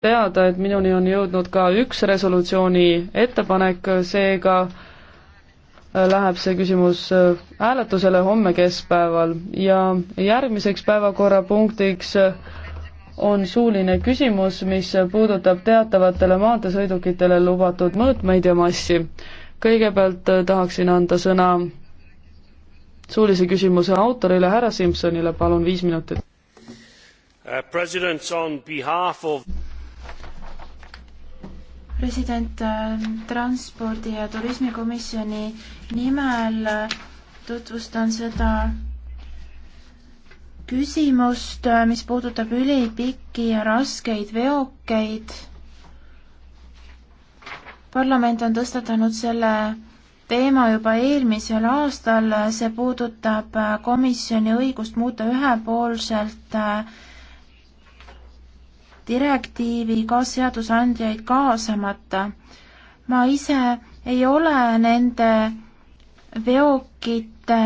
teada, et minuni on jõudnud ka üks resolutsiooni ettepanek, seega äh, läheb see küsimus äh, hääletusele homme keskpäeval ja järgmiseks päevakorrapunktiks äh, on suuline küsimus, mis puudutab teatavatele maanteesõidukitele lubatud mõõtmeid ja massi. kõigepealt tahaksin anda sõna suulise küsimuse autorile, härra Simsonile, palun viis minutit. Uh, president, on behalf of president äh, transpordi ja turismikomisjoni nimel äh, tutvustan seda küsimust, äh, mis puudutab ülipikki ja raskeid veokeid. parlament on tõstatanud selle teema juba eelmisel aastal, see puudutab komisjoni õigust muuta ühepoolselt äh, direktiivi ka seadusandjaid kaasamata. ma ise ei ole nende veokite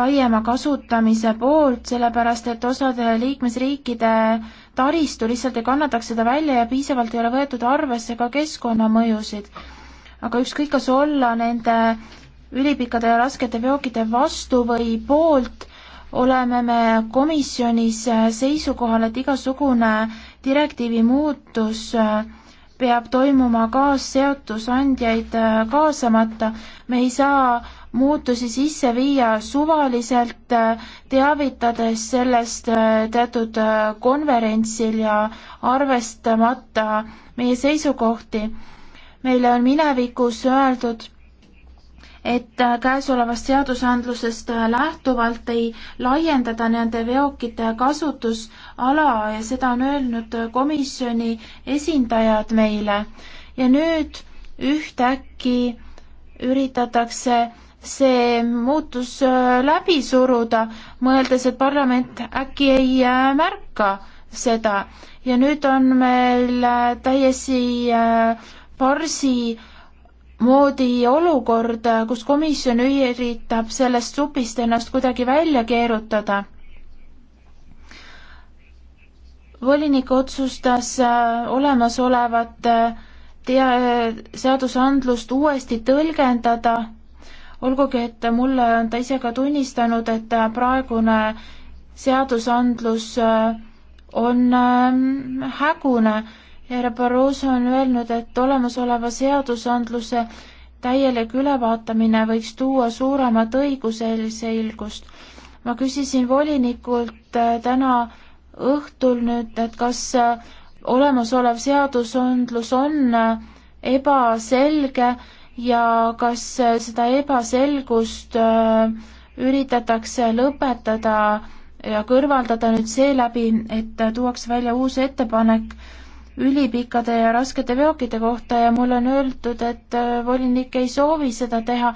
laiema kasutamise poolt, sellepärast et osade liikmesriikide taristu lihtsalt ei kannataks seda välja ja piisavalt ei ole võetud arvesse ka keskkonnamõjusid. aga ükskõik, kas olla nende ülipikkade ja raskete veokite vastu või poolt, oleme me komisjonis seisukohal, et igasugune direktiivi muutus peab toimuma kaasseotusandjaid kaasamata. me ei saa muutusi sisse viia suvaliselt, teavitades sellest teatud konverentsil ja arvestamata meie seisukohti. meile on minevikus öeldud et äh, käesolevast seadusandlusest äh, lähtuvalt ei laiendada nende veokite kasutusala ja seda on öelnud äh, komisjoni esindajad meile. ja nüüd ühtäkki üritatakse see muutus läbi suruda, mõeldes, et parlament äkki ei märka seda ja nüüd on meil täiesti farsi äh, moodi olukord, kus komisjon üritab sellest supist ennast kuidagi välja keerutada. volinik otsustas äh, olemasolevat äh, tea-, äh, seadusandlust uuesti tõlgendada, olgugi et mulle on ta ise ka tunnistanud, et praegune seadusandlus on ähm, hägune härra Barroso on öelnud, et olemasoleva seadusandluse täielik ülevaatamine võiks tuua suuremat õigusselgust. ma küsisin volinikult äh, täna õhtul nüüd, et kas äh, olemasolev seadusandlus on äh, ebaselge ja kas seda ebaselgust üritatakse lõpetada ja kõrvaldada nüüd seeläbi, et tuuakse välja uus ettepanek ülipikkade ja raskete veokite kohta ja mulle on öeldud, et äh, volinik ei soovi seda teha,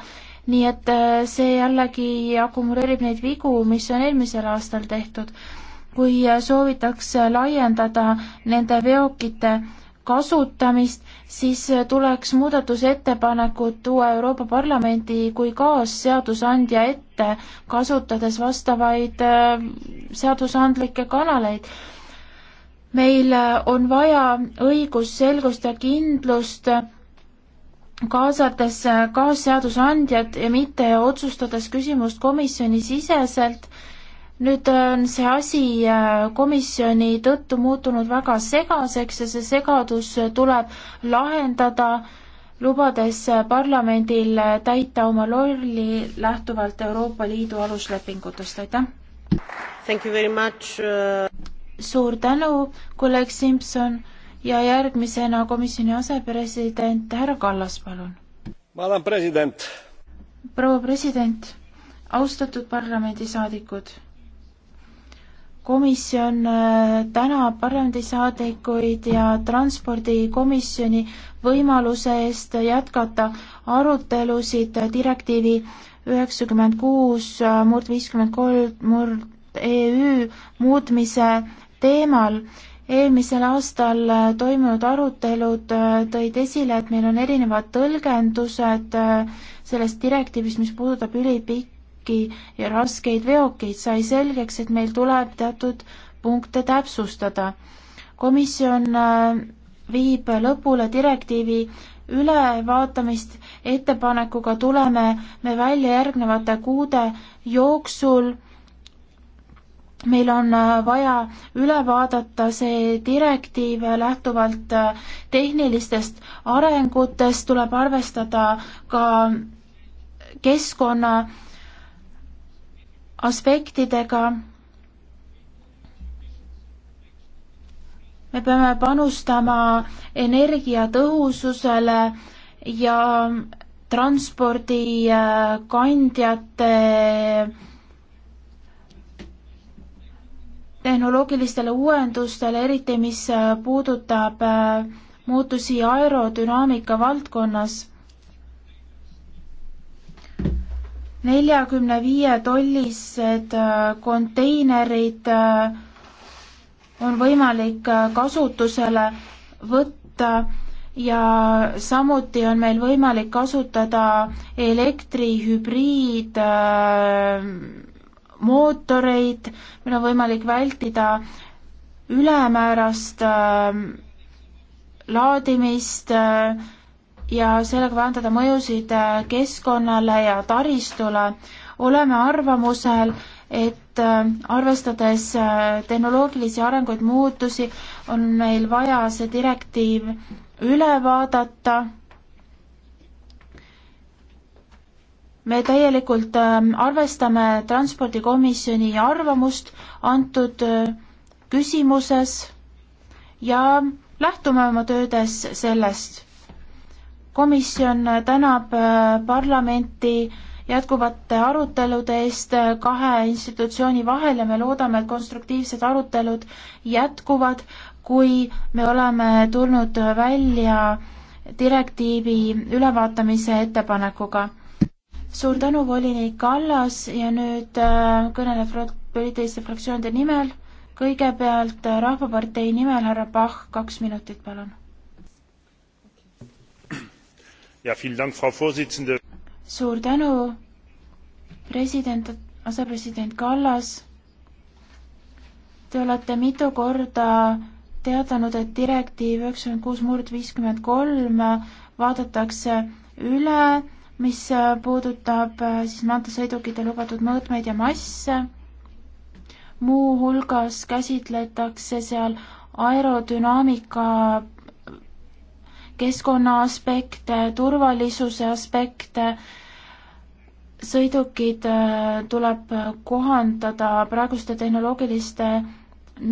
nii et äh, see jällegi akumuleerib neid vigu, mis on eelmisel aastal tehtud. kui äh, soovitakse laiendada nende veokite kasutamist, siis tuleks muudatusettepanekud tuua Euroopa Parlamendi kui kaasseadusandja ette, kasutades vastavaid seadusandlikke kanaleid meil on vaja õigusselgust ja kindlust, kaasates kaasseadusandjad ja mitte otsustades küsimust komisjoni siseselt. nüüd on see asi äh, komisjoni tõttu muutunud väga segaseks ja see segadus tuleb lahendada, lubades parlamendil täita oma rolli lähtuvalt Euroopa Liidu aluslepingutest, aitäh! suur tänu, kolleeg Simson ja järgmisena komisjoni asepresident härra Kallas, palun. ma olen president. proua president, austatud parlamendisaadikud. komisjon äh, tänab parlamendisaadikuid ja transpordikomisjoni võimaluse eest jätkata arutelusid direktiivi üheksakümmend kuus äh, murd viiskümmend kolm murd EÜ muutmise teemal. eelmisel aastal äh, toimunud arutelud äh, tõid esile, et meil on erinevad tõlgendused äh, sellest direktiivist, mis puudutab ülipikki ja raskeid veokeid, sai selgeks, et meil tuleb teatud punkte täpsustada. komisjon viib lõpule direktiivi ülevaatamist ettepanekuga tuleme me välja järgnevate kuude jooksul meil on äh, vaja üle vaadata see direktiiv lähtuvalt äh, tehnilistest arengutest, tuleb arvestada ka keskkonna aspektidega. me peame panustama energiatõhususele ja transpordikandjate äh, tehnoloogilistele uuendustele, eriti mis äh, puudutab äh, muutusi aerodünaamika valdkonnas. neljakümne viie tollised äh, konteinerid on võimalik kasutusele võtta ja samuti on meil võimalik kasutada elektrihübriid äh, mootoreid, meil on võimalik vältida ülemäärast äh, laadimist äh, ja sellega vähendada mõjusid äh, keskkonnale ja taristule. oleme arvamusel, et äh, arvestades äh, tehnoloogilisi arenguid, muutusi, on meil vaja see direktiiv üle vaadata me täielikult ähm, arvestame Transpordikomisjoni arvamust antud äh, küsimuses ja lähtume oma töödes sellest. komisjon äh, tänab äh, parlamenti jätkuvate arutelude eest kahe institutsiooni vahel ja me loodame, et konstruktiivsed arutelud jätkuvad, kui me oleme tulnud välja direktiivi ülevaatamise ettepanekuga suur tänu, volinik Kallas ja nüüd äh, kõneleb poliitiliste fraktsioonide nimel. kõigepealt äh, Rahvapartei nimel härra Pahh, kaks minutit, palun. suur tänu, president, asepresident Kallas. Te olete mitu korda teadanud, et direktiiv üheksakümmend kuus murd viiskümmend kolm vaadatakse üle mis äh, puudutab äh, siis maanteesõidukite lubatud mõõtmeid ja masse. muuhulgas käsitletakse seal aerodünaamika keskkonna aspekte, turvalisuse aspekte, sõidukid äh, tuleb kohandada praeguste tehnoloogiliste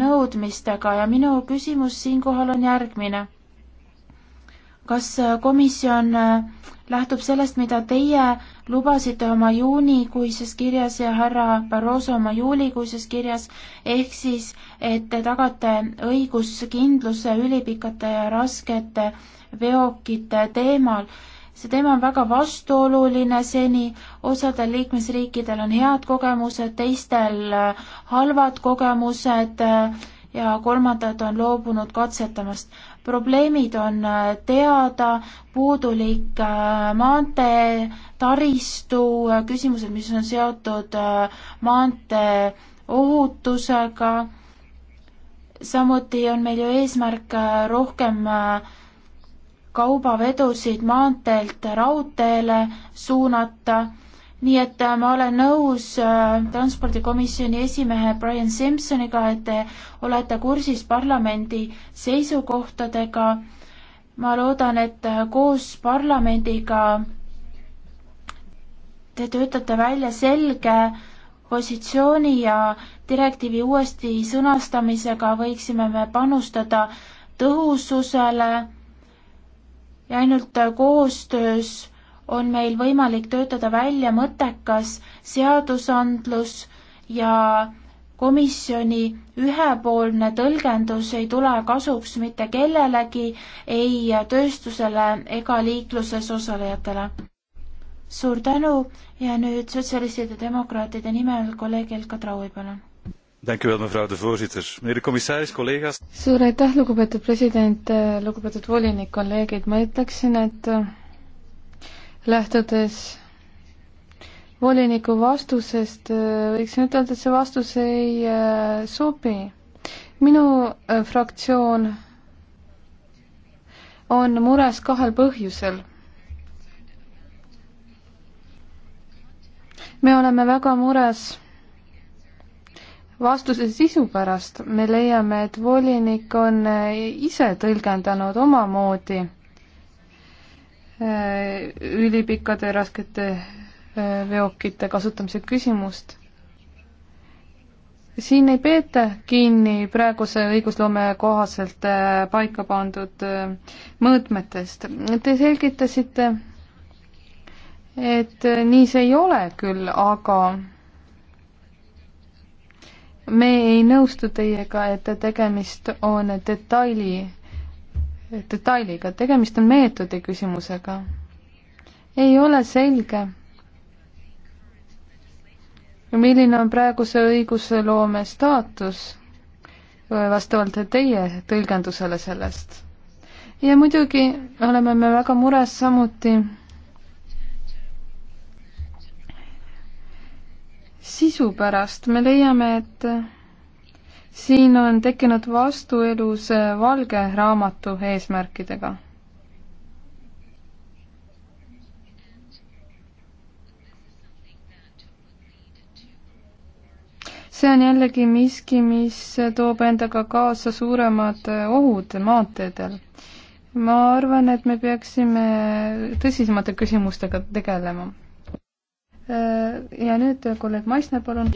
nõudmistega ja minu küsimus siinkohal on järgmine kas äh, komisjon äh, lähtub sellest, mida teie lubasite oma juunikuises kirjas ja härra Barroso oma juulikuises kirjas, ehk siis, et te tagate õiguskindluse ülipikate ja raskete veokite teemal. see teema on väga vastuoluline seni, osadel liikmesriikidel on head kogemused, teistel äh, halvad kogemused ja kolmandad on loobunud katsetamast probleemid on äh, teada, puudulik äh, maantee, taristu, äh, küsimused, mis on seotud maantee ohutusega, samuti on meil ju eesmärk rohkem kaubavedusid maanteelt raudteele suunata nii et äh, ma olen nõus äh, transpordikomisjoni esimehe Brian Simpsoniga, et te olete kursis parlamendi seisukohtadega. ma loodan, et äh, koos parlamendiga te töötate välja selge positsiooni ja direktiivi uuesti sõnastamisega võiksime me panustada tõhususele ja ainult koostöös on meil võimalik töötada välja mõttekas seadusandlus ja komisjoni ühepoolne tõlgendus ei tule kasuks mitte kellelegi, ei tööstusele ega liikluses osalejatele. suur tänu ja nüüd sotsialistide demokraatide nimel kolleeg Elka Traui, palun voorzitter mijnheer de commissaris collega's suur aitäh lugupeetud president lugupeetud volinik kolleegid ma ütleksin et lähtudes voliniku vastusest äh, võiksin ütelda, et see vastus ei äh, sobi. minu äh, fraktsioon on mures kahel põhjusel. me oleme väga mures vastuse sisu pärast, me leiame, et volinik on ise tõlgendanud omamoodi Äh, ülipikkade ja raskete äh, veokite kasutamise küsimust. siin ei peeta kinni praeguse õigusloome kohaselt äh, paika pandud mõõtmetest. Te selgitasite, et nii see ei ole küll, aga me ei nõustu teiega, et tegemist on detaili detailiga, tegemist on meetodi küsimusega. ei ole selge, milline on praeguse õigusloome staatus vastavalt teie tõlgendusele sellest. ja muidugi oleme me väga mures samuti sisu pärast, me leiame, et siin on tekkinud vastuelus äh, valge raamatu eesmärkidega. see on jällegi miski, mis toob endaga kaasa suuremad äh, ohud maanteedel. ma arvan, et me peaksime tõsisemate küsimustega tegelema. Äh, ja nüüd kolleeg Maisner, palun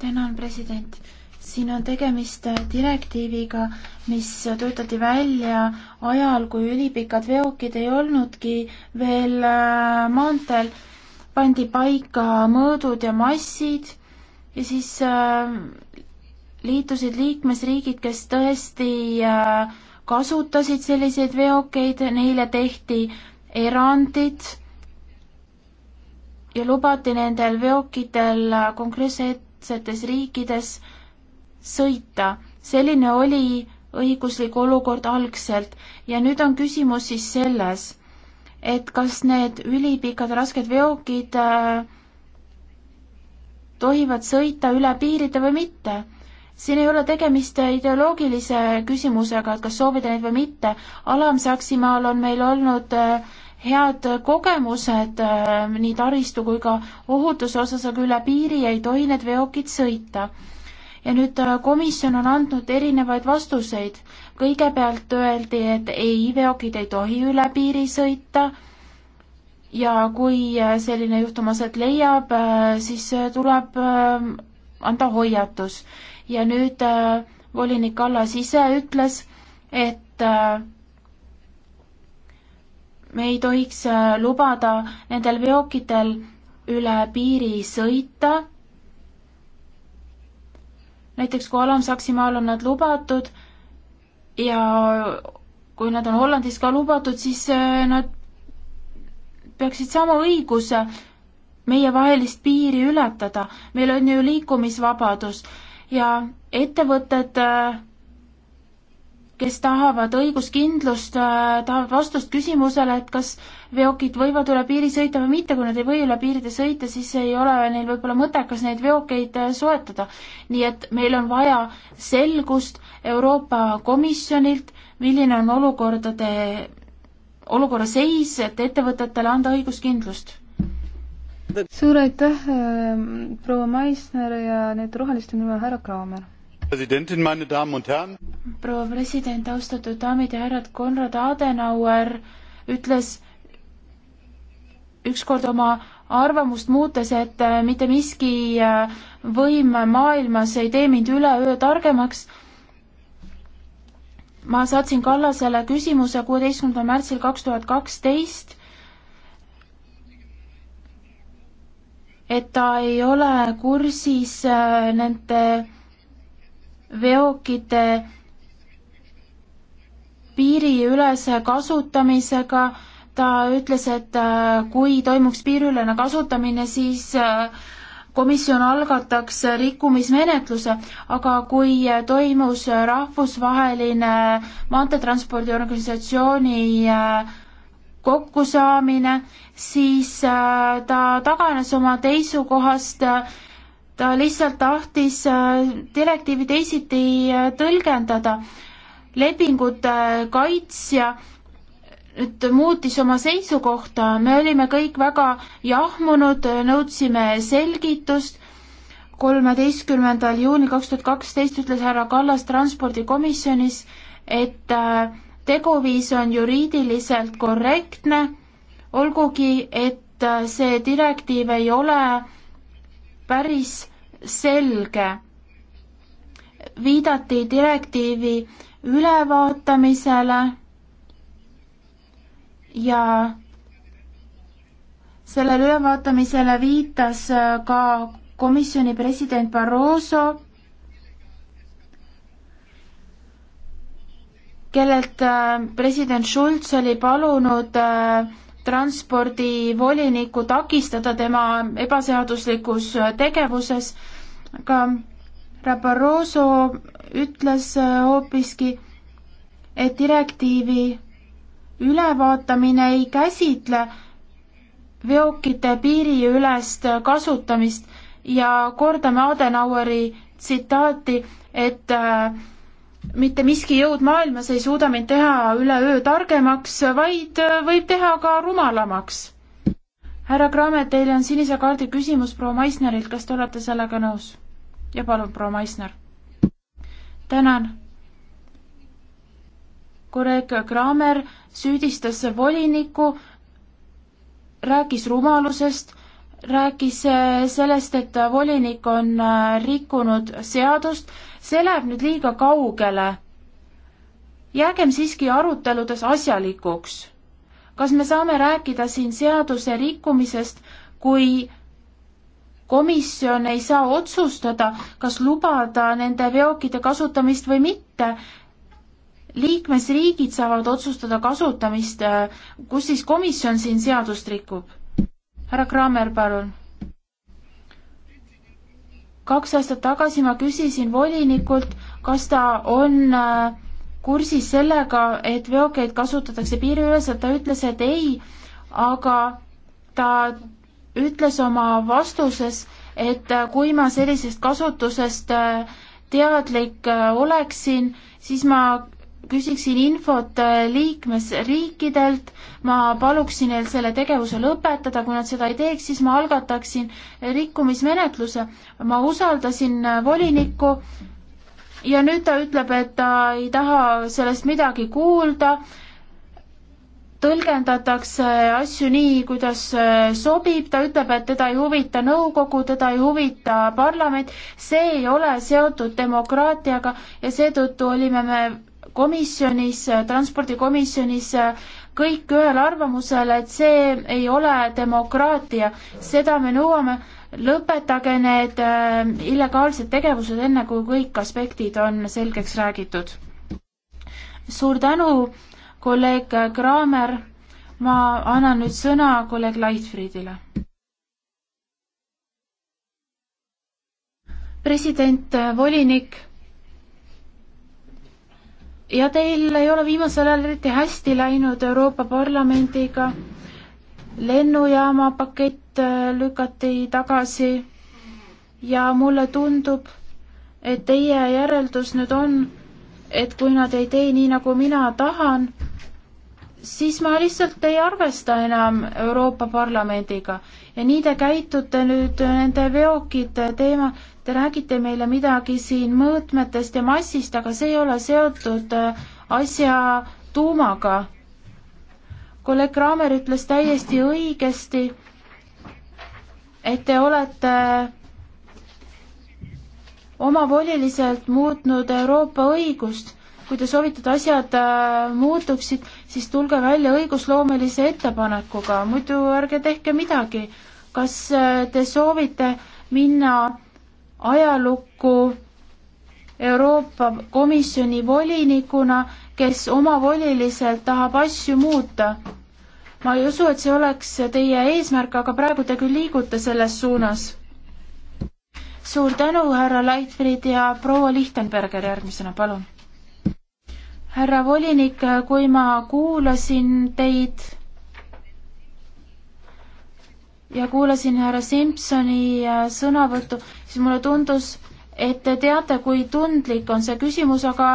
tänan, president. siin on tegemist direktiiviga, mis töötati välja ajal, kui ülipikad veokid ei olnudki veel äh, maanteel, pandi paika mõõdud ja massid ja siis äh, liitusid liikmesriigid, kes tõesti äh, kasutasid selliseid veokeid, neile tehti erandid ja lubati nendel veokitel konkreetse idapoolsetes riikides sõita. selline oli õiguslik olukord algselt ja nüüd on küsimus siis selles, et kas need ülipikad rasked veokid äh, tohivad sõita üle piiride või mitte. siin ei ole tegemist ideoloogilise küsimusega, et kas soovida neid või mitte. Alam-Saksimaal on meil olnud äh, head kogemused äh, nii taristu kui ka ohutuse osas, aga üle piiri ei tohi need veokid sõita. ja nüüd äh, komisjon on andnud erinevaid vastuseid. kõigepealt öeldi, et ei, veokid ei tohi üle piiri sõita ja kui äh, selline juhtum aset leiab, siis tuleb anda hoiatus. ja nüüd volinik Allas ise ütles, et äh, me ei tohiks äh, lubada nendel veokitel üle piiri sõita. näiteks kui Alam-Saksimaal on nad lubatud ja kui nad on Hollandis ka lubatud, siis äh, nad peaksid saama õiguse meievahelist piiri ületada. meil on ju liikumisvabadus ja ettevõtted äh, kes tahavad õiguskindlust, äh, tahavad vastust küsimusele, et kas veokid võivad üle piiri sõita või mitte, kui nad ei või üle piiride sõita, siis ei ole neil võib-olla mõttekas neid veokeid äh, soetada. nii et meil on vaja selgust Euroopa Komisjonilt, milline on olukordade, olukorra seis, et ettevõtetele anda õiguskindlust suur aitäh, ähm, proua Maisner ja nüüd roheliste nimel härra Kraamer proua president, austatud daamid ja härrad, Konrad Adenauer ütles ükskord oma arvamust muutes, et äh, mitte miski äh, võim maailmas ei tee mind üleöö targemaks. ma saatsin Kallasele küsimuse kuueteistkümnendal märtsil kaks tuhat kaksteist, et ta ei ole kursis äh, nende veokite piiriülese kasutamisega. ta ütles, et äh, kui toimuks piiriülene kasutamine, siis äh, komisjon algataks rikkumismenetluse, aga kui toimus rahvusvaheline maanteetranspordiorganisatsiooni äh, kokkusaamine, siis ta taganes oma seisukohast ta lihtsalt tahtis äh, direktiivi teisiti äh, tõlgendada. lepingute äh, kaitsja nüüd muutis oma seisukohta, me olime kõik väga jahmunud, nõudsime selgitust. kolmeteistkümnendal juunil kaks tuhat kaksteist ütles härra Kallas transpordikomisjonis, et teguviis on juriidiliselt korrektne, olgugi et see direktiiv ei ole päris selge. viidati direktiivi ülevaatamisele ja sellele ülevaatamisele viitas äh, ka komisjoni president Barroso, kellelt äh, president Schulz oli palunud äh, transpordivoliniku takistada tema ebaseaduslikus tegevuses, aga Rabarroso ütles äh, hoopiski, et direktiivi ülevaatamine ei käsitle veokite piiriülest kasutamist ja kordame Adenaueri tsitaati, et äh, mitte miski jõud maailmas ei suuda mind teha üleöö targemaks, vaid äh, võib teha ka rumalamaks. härra Kramer, teile on sinise kaardi küsimus proua Maisnerilt, kas te olete sellega nõus? ja palun, proua Maisner. tänan. kolleeg Kramer süüdistas volinikku, rääkis rumalusest, rääkis äh, sellest, et volinik on äh, rikkunud seadust see läheb nüüd liiga kaugele. jäägem siiski aruteludes asjalikuks. kas me saame rääkida siin seaduse rikkumisest, kui komisjon ei saa otsustada, kas lubada nende veokite kasutamist või mitte. liikmesriigid saavad otsustada kasutamist, kus siis komisjon siin seadust rikub? härra Kramer, palun kaks aastat tagasi ma küsisin volinikult, kas ta on äh, kursis sellega, et veokeid kasutatakse piiriüleselt, ta ütles, et ei, aga ta ütles oma vastuses, et äh, kui ma sellisest kasutusest äh, teadlik oleksin, siis ma küsiksin infot äh, liikmesriikidelt, ma paluksin neil selle tegevuse lõpetada, kui nad seda ei teeks, siis ma algataksin rikkumismenetluse. ma usaldasin äh, volinikku ja nüüd ta ütleb, et ta ei taha sellest midagi kuulda, tõlgendatakse asju nii, kuidas äh, sobib, ta ütleb, et teda ei huvita nõukogu, teda ei huvita parlament, see ei ole seotud demokraatiaga ja seetõttu olime me komisjonis, transpordikomisjonis kõik ühel arvamusel, et see ei ole demokraatia, seda me nõuame, lõpetage need äh, illegaalsed tegevused, enne kui kõik aspektid on selgeks räägitud. suur tänu, kolleeg Kraamer, ma annan nüüd sõna kolleeg Leitfriedile. president, äh, volinik ja teil ei ole viimasel ajal eriti hästi läinud Euroopa Parlamendiga. lennujaama pakett äh, lükati tagasi ja mulle tundub, et teie järeldus nüüd on, et kui nad ei tee nii, nagu mina tahan, siis ma lihtsalt ei arvesta enam Euroopa Parlamendiga ja nii te käitute nüüd nende veokite teema, te räägite meile midagi siin mõõtmetest ja massist, aga see ei ole seotud äh, asja tuumaga. kolleeg Raamer ütles täiesti õigesti, et te olete omavoliliselt muutnud Euroopa õigust, kui te soovite, et asjad äh, muutuksid, siis tulge välja õigusloomelise ettepanekuga, muidu ärge tehke midagi. kas äh, te soovite minna ajalukku Euroopa Komisjoni volinikuna, kes omavoliliselt tahab asju muuta? ma ei usu, et see oleks teie eesmärk, aga praegu te küll liigute selles suunas. suur tänu, härra Leitfried ja proua Lichtenberger järgmisena, palun härra volinik, kui ma kuulasin teid ja kuulasin härra Simsoni äh, sõnavõttu, siis mulle tundus, et te teate, kui tundlik on see küsimus, aga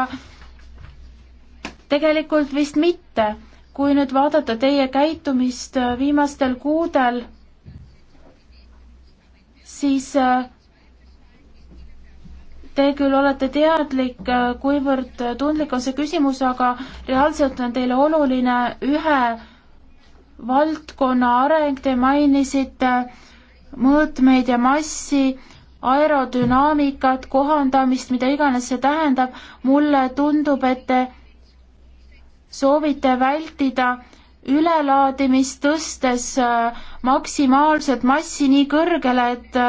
tegelikult vist mitte. kui nüüd vaadata teie käitumist äh, viimastel kuudel, siis äh, Te küll olete teadlik, kuivõrd tundlik on see küsimus, aga reaalselt on teile oluline ühe valdkonna areng, te mainisite mõõtmeid ja massi, aerodünaamikat, kohandamist, mida iganes see tähendab, mulle tundub, et te soovite vältida ülelaadimist, tõstes maksimaalset massi nii kõrgele, et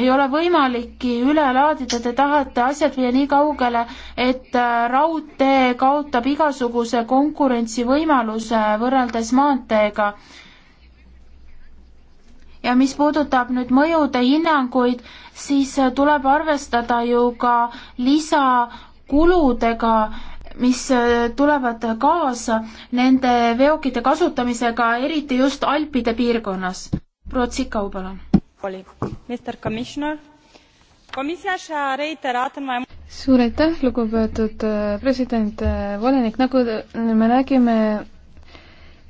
ei ole võimalikki üle laadida, te tahate asjad viia nii kaugele, et äh, raudtee kaotab igasuguse konkurentsivõimaluse võrreldes maanteega. ja mis puudutab nüüd mõjude hinnanguid, siis äh, tuleb arvestada ju ka lisakuludega, mis äh, tulevad kaasa nende veokite kasutamisega, eriti just Alpide piirkonnas. proua Tsikau, palun comisia și a reiterat în mai multe suur aitäh, lugupeetud äh, president, äh, volinik, nagu me nägime,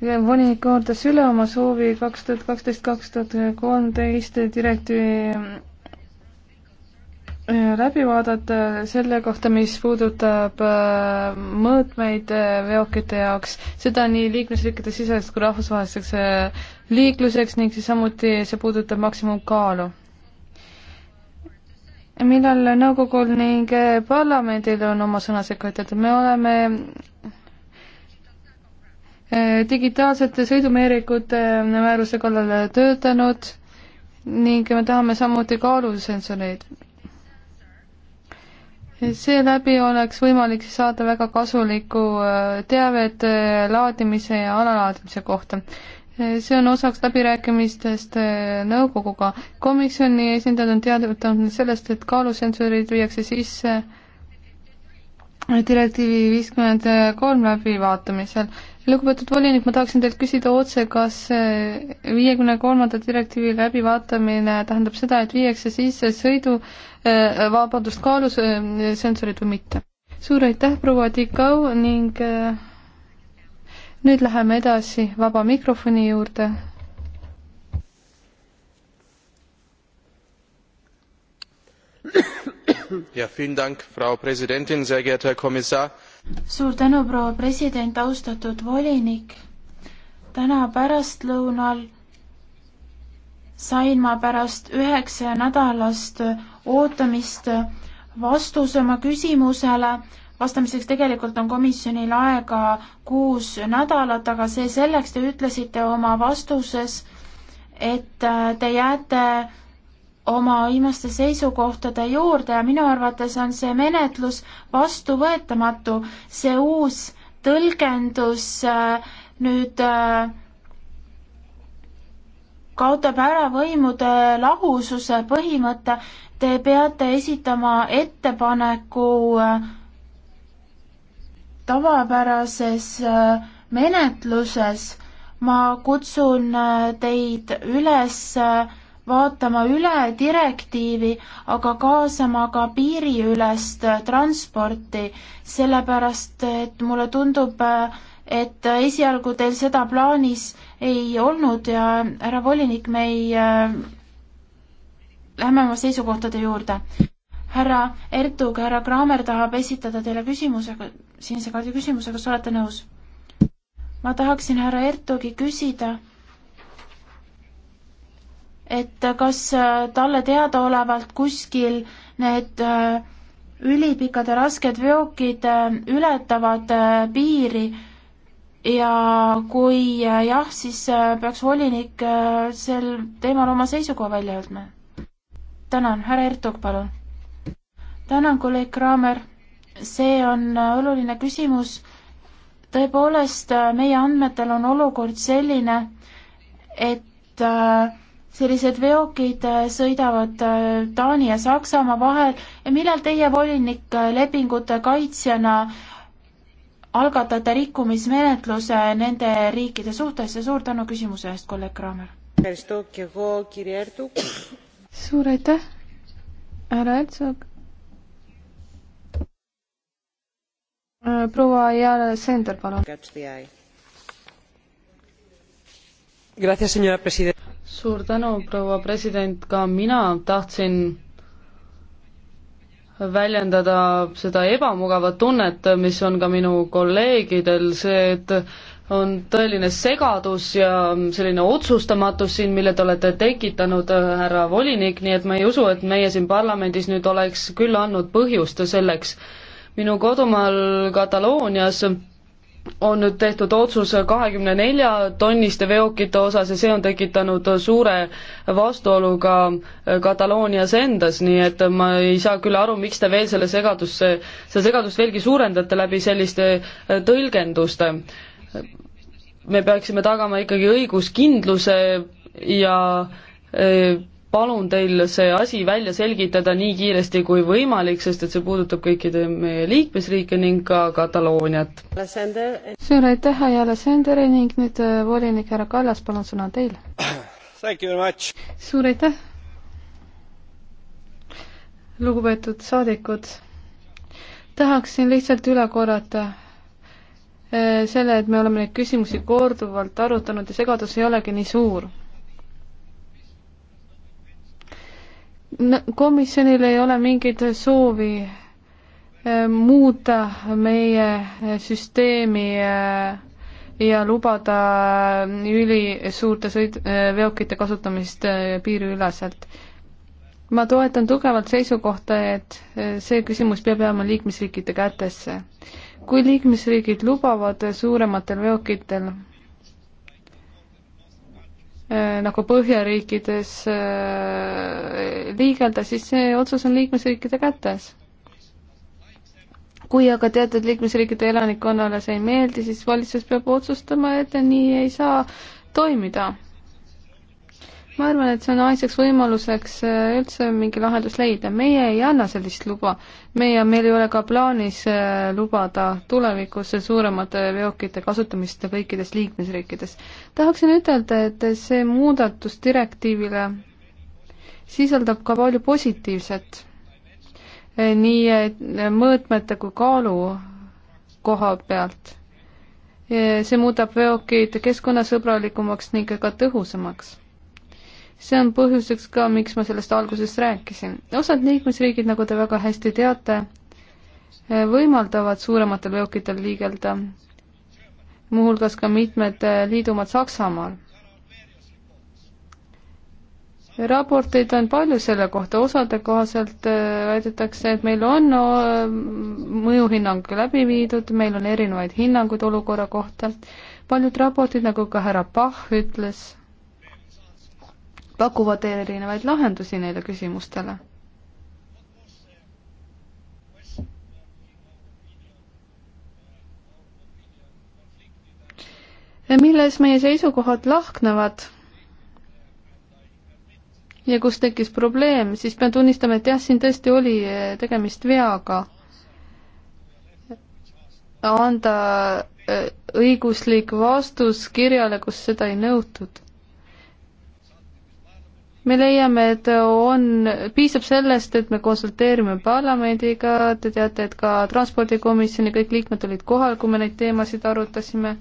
äh, volinik kordas üle oma soovi kaks tuhat kaksteist, kaks tuhat kolmteist direktiivi läbi vaadata selle kohta, mis puudutab mõõtmeid veokite jaoks, seda nii liikmesriikide siseseks kui rahvusvaheliseks liikluseks ning siis samuti see puudutab maksimumkaalu. millal nõukogul ning parlamendil on oma sõna sekka ütelda, me oleme eh, digitaalsete sõidumeerikute eh, määruse kallale töötanud ning me tahame samuti kaalusensoreid. seeläbi oleks võimalik saada väga kasulikku eh, teavet laadimise ja alalaadimise kohta see on osaks läbirääkimistest äh, nõukoguga. komisjoni esindajad on teadvutanud sellest, et kaalusensorid viiakse sisse direktiivi viiskümmend kolm läbivaatamisel. lugupeetud volinik, ma tahaksin teilt küsida otse, kas äh, viiekümne kolmanda direktiivi läbivaatamine tähendab seda, et viiakse sisse sõidu, äh, vabandust, kaalusensorid või mitte? suur aitäh, proua Tikau ning nüüd läheme edasi vaba mikrofoni juurde. Ja, vielen Dank, Frau Präsidentin, sehr geehrter Herr Kommissar. suur tänu, proua president, austatud volinik. täna pärastlõunal sain ma pärast üheksa nädalast ootamist vastuse oma küsimusele vastamiseks tegelikult on komisjonil aega kuus nädalat, aga see selleks, te ütlesite oma vastuses, et äh, te jääte oma viimaste seisukohtade juurde ja minu arvates on see menetlus vastuvõetamatu, see uus tõlgendus äh, nüüd äh, kaotab ära võimude lahususe põhimõte, te peate esitama ettepaneku äh, tavapärases äh, menetluses. ma kutsun äh, teid üles äh, vaatama üle direktiivi, aga kaasama ka piiriülest transporti, sellepärast et mulle tundub, et esialgu teil seda plaanis ei olnud ja härra volinik, me ei äh,, lähme oma seisukohtade juurde. härra Ertug, härra Kraamer tahab esitada teile küsimuse, sinise kaardi küsimuse, kas olete nõus? ma tahaksin härra Ertogi küsida, et kas äh, talle teadaolevalt kuskil need äh, ülipikad ja rasked veokid äh, ületavad piiri ja kui jah, siis peaks volinik sel teemal oma seisukoha välja öeldma. tänan, härra Ertug, palun. tänan, kolleeg Kraamer see on oluline küsimus. tõepoolest, meie andmetel on olukord selline, et äh, sellised veokid äh, sõidavad äh, Taani ja Saksamaa vahel ja millal teie volinik lepingute kaitsjana algatate rikkumismenetluse nende riikide suhtes ja suur tänu küsimuse eest, kolleeg Kraamer. suur aitäh, härra Hertsog Äh, proua Jana Sender, palun. suur tänu, proua president, ka mina tahtsin väljendada seda ebamugavat tunnet, mis on ka minu kolleegidel, see, et on tõeline segadus ja selline otsustamatus siin, mille te olete tekitanud, härra volinik, nii et ma ei usu, et meie siin parlamendis nüüd oleks küll andnud põhjust selleks, minu kodumaal Kataloonias on nüüd tehtud otsus kahekümne nelja tonniste veokite osas ja see on tekitanud suure vastuolu ka Kataloonias endas, nii et ma ei saa küll aru, miks te veel selle segadusse, seda segadust veelgi suurendate läbi selliste äh, tõlgenduste. me peaksime tagama ikkagi õiguskindluse ja äh, palun teil see asi välja selgitada nii kiiresti kui võimalik, sest et see puudutab kõikide meie liikmesriike ning ka Katalooniat. suur aitäh, Ajala Senderi ning nüüd äh, volinik härra Kallas, palun sõna teile. suur aitäh, lugupeetud saadikud. tahaksin lihtsalt üle korrata äh, selle, et me oleme neid küsimusi korduvalt arutanud ja segadus ei olegi nii suur komisjonil ei ole mingit soovi äh, muuta meie süsteemi äh, ja lubada äh, ülisuurte sõid-, veokite kasutamist piiriüleselt. ma toetan tugevalt seisukohta, et see küsimus peab jääma liikmesriikide kätesse. kui liikmesriigid lubavad suurematel veokitel Äh, nagu Põhjariikides äh, liigelda, siis see otsus on liikmesriikide kätes. kui aga teatud liikmesriikide elanikkonnale see ei meeldi, siis valitsus peab otsustama, et nii ei saa toimida ma arvan, et see on ainsaks võimaluseks äh, üldse mingi lahendus leida. meie ei anna sellist luba. meie, meil ei ole ka plaanis äh, lubada tulevikus suuremate veokite kasutamist kõikides liikmesriikides. tahaksin ütelda, et see muudatus direktiivile sisaldab ka palju positiivset äh, nii mõõtmete kui kaalu koha pealt. see muudab veokid keskkonnasõbralikumaks ning ka tõhusamaks see on põhjuseks ka, miks ma sellest alguses rääkisin. osad liikmesriigid, nagu te väga hästi teate, võimaldavad suurematel veokitel liigelda, muuhulgas ka mitmed liidumad Saksamaal. raporteid on palju selle kohta, osade kohaselt äh, väidetakse, et meil on no, äh, mõjuhinnang läbi viidud, meil on erinevaid hinnanguid olukorra kohta, paljud raportid, nagu ka härra Pahh ütles pakuvad erinevaid lahendusi neile küsimustele. milles meie seisukohad lahknevad ja kus tekkis probleem, siis pean tunnistama, et jah, siin tõesti oli eh, tegemist veaga anda eh, õiguslik vastus kirjale, kus seda ei nõutud me leiame, et on, piisab sellest, et me konsulteerime parlamendiga, te teate, et ka transpordikomisjoni kõik liikmed olid kohal, kui me neid teemasid arutasime.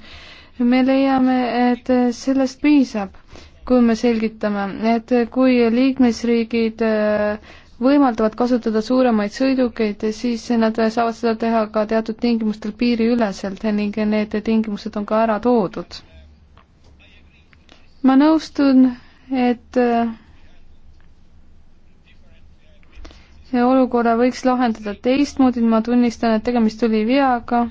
me leiame, et sellest piisab, kui me selgitame, et kui liikmesriigid äh, võimaldavad kasutada suuremaid sõidukeid, siis nad saavad seda teha ka teatud tingimustel piiriüleselt ning need tingimused on ka ära toodud. ma nõustun, et äh, olukorra võiks lahendada teistmoodi, ma tunnistan, et tegemist oli veaga.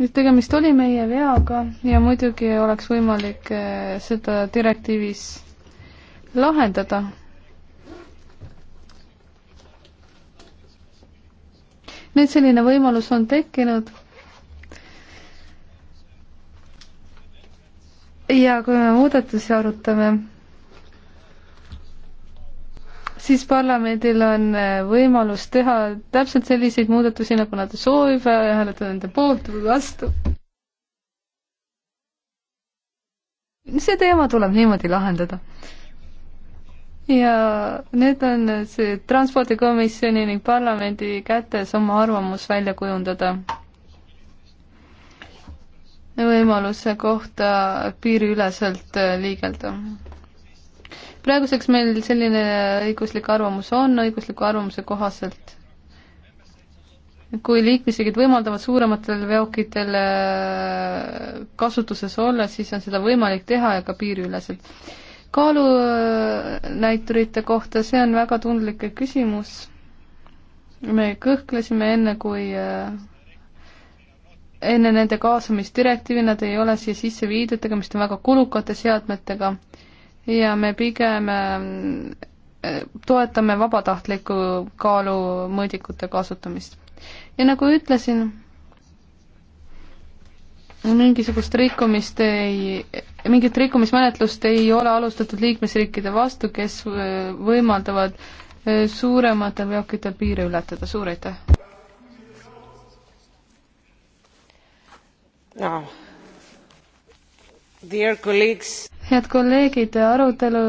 nüüd tegemist oli meie veaga ja muidugi oleks võimalik eh, seda direktiivis lahendada. nüüd selline võimalus on tekkinud ja kui me muudatusi arutame, siis parlamendil on äh, võimalus teha täpselt selliseid muudatusi, nagu nad soovivad ja hääletada nende poolt või vastu. see teema tuleb niimoodi lahendada. ja nüüd on see transpordikomisjoni ning parlamendi kätes oma arvamus välja kujundada võimaluse kohta piiriüleselt äh, liigelda praeguseks meil selline õiguslik arvamus on, õigusliku arvamuse kohaselt kui liikmesriigid võimaldavad suurematel veokitel äh, kasutuses olla, siis on seda võimalik teha ja ka piiriüleselt. kaalunäiturite äh, kohta, see on väga tundlik küsimus. me kõhklesime enne, kui äh, enne nende kaasamist direktiivi, nad ei ole siia sisse viidud, tegemist on väga kulukate seadmetega ja me pigem ähm, äh, toetame vabatahtliku kaalu mõõdikute kasutamist. ja nagu ütlesin, mingisugust rikkumist ei, mingit rikkumismenetlust ei ole alustatud liikmesriikide vastu, kes äh, võimaldavad äh, suurematel veokitel piire ületada, suur aitäh! Dear colleagues head kolleegid, arutelu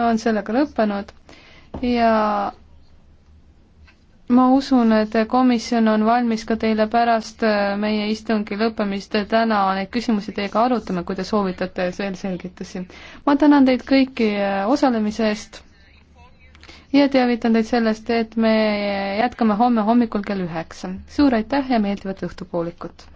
on sellega lõppenud ja ma usun, et komisjon on valmis ka teile pärast meie istungi lõppemist täna neid küsimusi teiega arutama, kui te soovitate veel selgitusi. ma tänan teid kõiki osalemise eest ja teavitan teid sellest, et me jätkame homme hommikul kell üheksa. suur aitäh ja meeldivat õhtupoolikut!